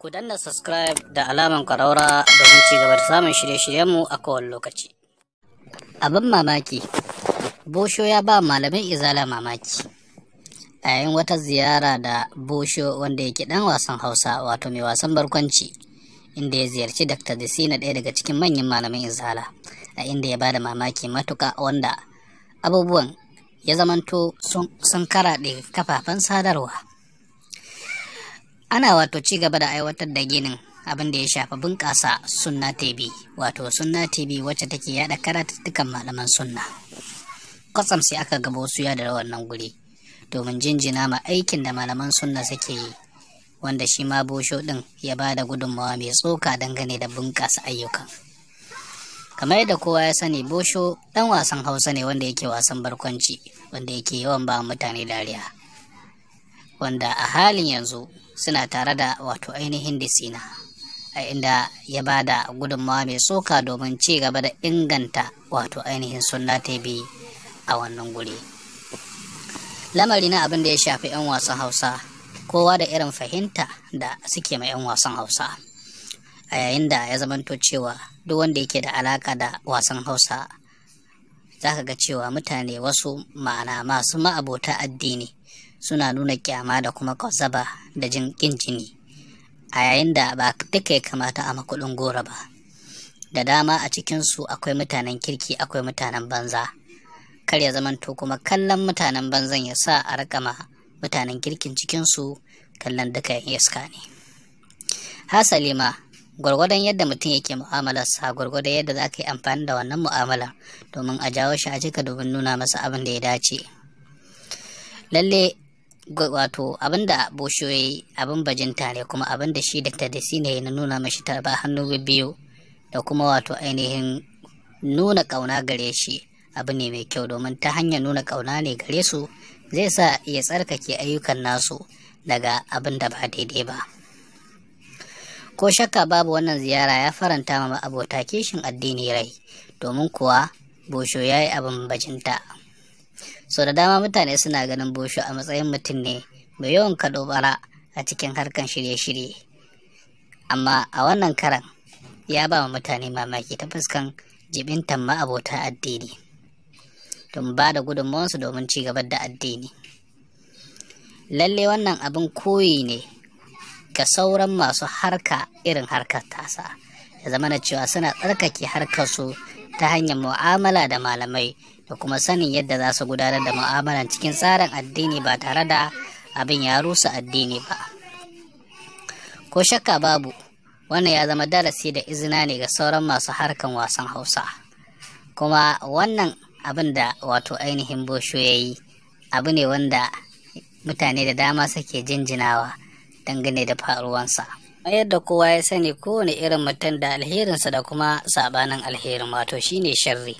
Ku danna subscribe da alaman ƙwararra domin ci gaba da samun shirye-shiryenmu a kowane lokaci. Abin mamaki, Bosho ya ba malamin Izala mamaki. A yayin wata ziyara da Bosho wanda yake ɗan wasan Hausa wato mai wasan barkwanci, inda ya ziyarci Dr. Desina ɗaya daga cikin manyan malamin Izala, a inda ya bada mamaki matuka wanda abubuwan ya zamanto sun karaɗe kafafen sadarwa. ana wato ci gaba da aiwatar da ginin abin da ya shafa bunƙasa sunna tv wato sunna tv wacce take yada karatuttukan malaman sunna kwatsam sai aka gaba wasu yada wannan guri domin jinjina ma aikin da malaman sunna suke yi wanda shi ma bosho din ya ba da gudunmawa mai tsoka dangane da bunƙasa ayyukan kamar yadda kowa ya sani bosho dan wasan hausa ne wanda yake wasan barkwanci wanda yake yawan ba mutane dariya wanda a halin yanzu suna tare da wato ainihin disina a inda ya ba da gudunmawa mai tsoka domin ci gaba da inganta wato ainihin sunna ta bi a wannan guri lamari na abin da ya shafi 'yan wasan hausa kowa da irin fahimta da suke ma 'yan wasan hausa a yayin da ya zamanto cewa duk wanda yake da alaka da wasan hausa za ka ga cewa mutane wasu ma'ana masu ma'abota addini suna nuna kyama da kuma kwazaba da jin kincini jini a yayin da ba duka ya kamata a makudin gora ba da dama a cikinsu akwai mutanen kirki akwai mutanen banza kar ya zamanto kuma kallon mutanen banzan ya sa a rakama mutanen kirkin cikinsu kallon duka ya iska ne hasali ma gwargwadon yadda mutum yake sa gwargwadon yadda za ka yi amfani da wannan mu'amalar domin a jawo shi a cika domin nuna masa abin da ya dace lalle wato abin da bosho abin bajinta ne kuma abin da shi dr desi ne na nuna mashi ba hannu biyu da kuma wato ainihin nuna kauna gare shi abu ne mai kyau domin ta hanyar nuna kauna ne gare su zai sa ya tsarkake ayyukan nasu daga abin da ba daidai ba ko shakka babu wannan ziyara ya faranta ma abota kishin addini rai domin kuwa bosho ya yi abin bajinta Sau da dama mutane suna ganin bosho a matsayin mutum ne mai yawan kaɗo bara a cikin harkar shirye-shirye amma a wannan karan ya ba mutane mamaki ta fuskan jibintan ma'abota addini don ba da gudunmawarsu domin ci gaba da addini lalle wannan abin koyi ne ga sauran masu harka irin harkar tasa ya zama na cewa suna tsarkake harkar su ta hanyar mu'amala da malamai da kuma sanin yadda za su gudanar da mu'amalan cikin tsarin addini ba tare da abin ya rusa addini ba ko shakka babu wannan ya zama darasi da izina ne ga sauran masu harkan wasan hausa kuma wannan abin da wato ainihin bosho ya yi abu ne wanda mutane da dama suke jinjinawa dangane da faruwansa. yadda kowa ya sani kowane irin mutum da alherinsa da kuma sabanin alherin wato shine sharri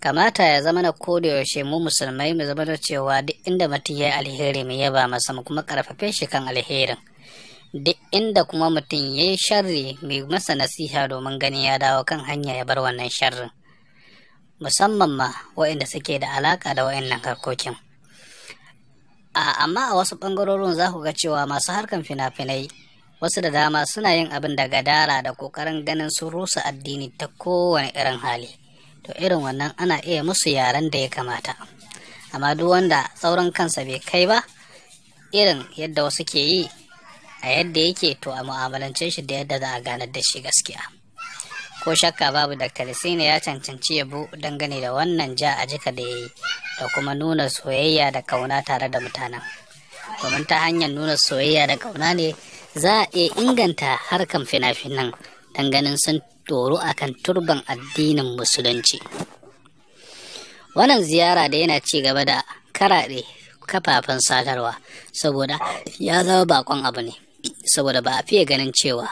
kamata ya zama na da yaushe mu musulmai mu zama da cewa duk inda mutum ya alheri mu yaba masa mu kuma karfafe shi kan alherin duk inda kuma mutum ya yi sharri mai masa nasiha domin gani ya dawo kan hanya ya bar wannan sharrin musamman ma waɗanda suke da alaka da waɗannan harkokin amma a wasu ɓangarorin za ku ga cewa masu harkan fina-finai wasu da dama suna yin abin da gadara da kokarin ganin sun rusa addini ta kowane irin hali to irin wannan ana iya musu yaren da ya kamata amma duk wanda tsauran kansa bai kai ba irin yadda wasu ke yi a yadda yake to a mu'amalance shi da yadda za a ganar da shi gaskiya ko shakka babu dr ne ya cancanci yabo dangane da wannan ja a jika da ya yi da kuma nuna soyayya da kauna tare da mutanen domin ta hanyar nuna soyayya da kauna ne za a iya inganta harkan fina-finan don ganin sun doro akan turban addinin musulunci wannan ziyara da yana ci gaba da karaɗe kafafen sadarwa saboda ya zama bakon abu ne saboda ba a fiye ganin cewa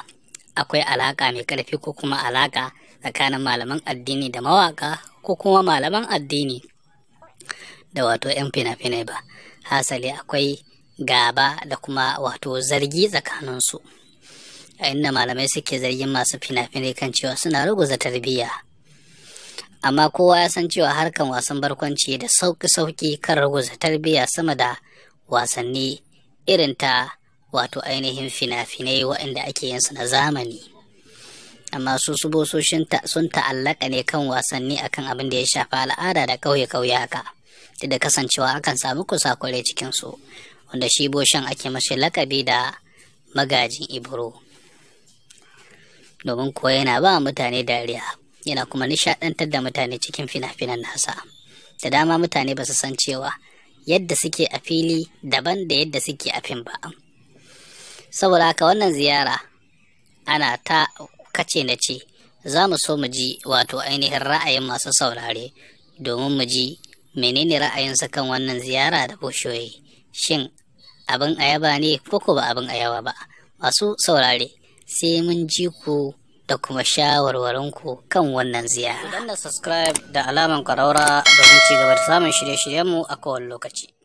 akwai alaka mai ƙarfi ko kuma alaka tsakanin malaman addini da mawaka ko kuma malaman addini da wato 'yan fina-finai ba hasali akwai gaba da kuma wato zargi tsakaninsu a inda malamai suke zargin masu fina-finai kan cewa suna ruguza tarbiyya amma kowa ya san cewa harkan wasan barkwanci da sauki-sauki kan ruguza tarbiyya sama da wasanni irin ta wato ainihin fina-finai waɗanda ake yin su na zamani amma su subososhin sun ta'allaka ne kan wasanni akan abin da ya shafa al'ada da kauye-kauye haka da kasancewa akan samu cikin su wanda shi boshan ake mashi lakabi da magajin ibro domin kuwa yana ba mutane dariya yana kuma nishadantar da mutane cikin fina-finan nasa da dama mutane ba su san cewa yadda suke a fili daban da yadda suke a fim ba saboda haka wannan ziyara ana ta kace na ce za mu so mu ji wato ainihin ra'ayin masu saurare domin mu ji menene ra'ayinsa kan wannan ziyara da boshoyi. shin abin ayaba ne ko ko ba abin ayaba ba masu saurare sai mun ji ku da kuma shawarwarinku kan wannan ziyara. Ku danna subscribe da alamar ƙwararra domin ci gaba da samun shirye-shiryenmu a kowane lokaci.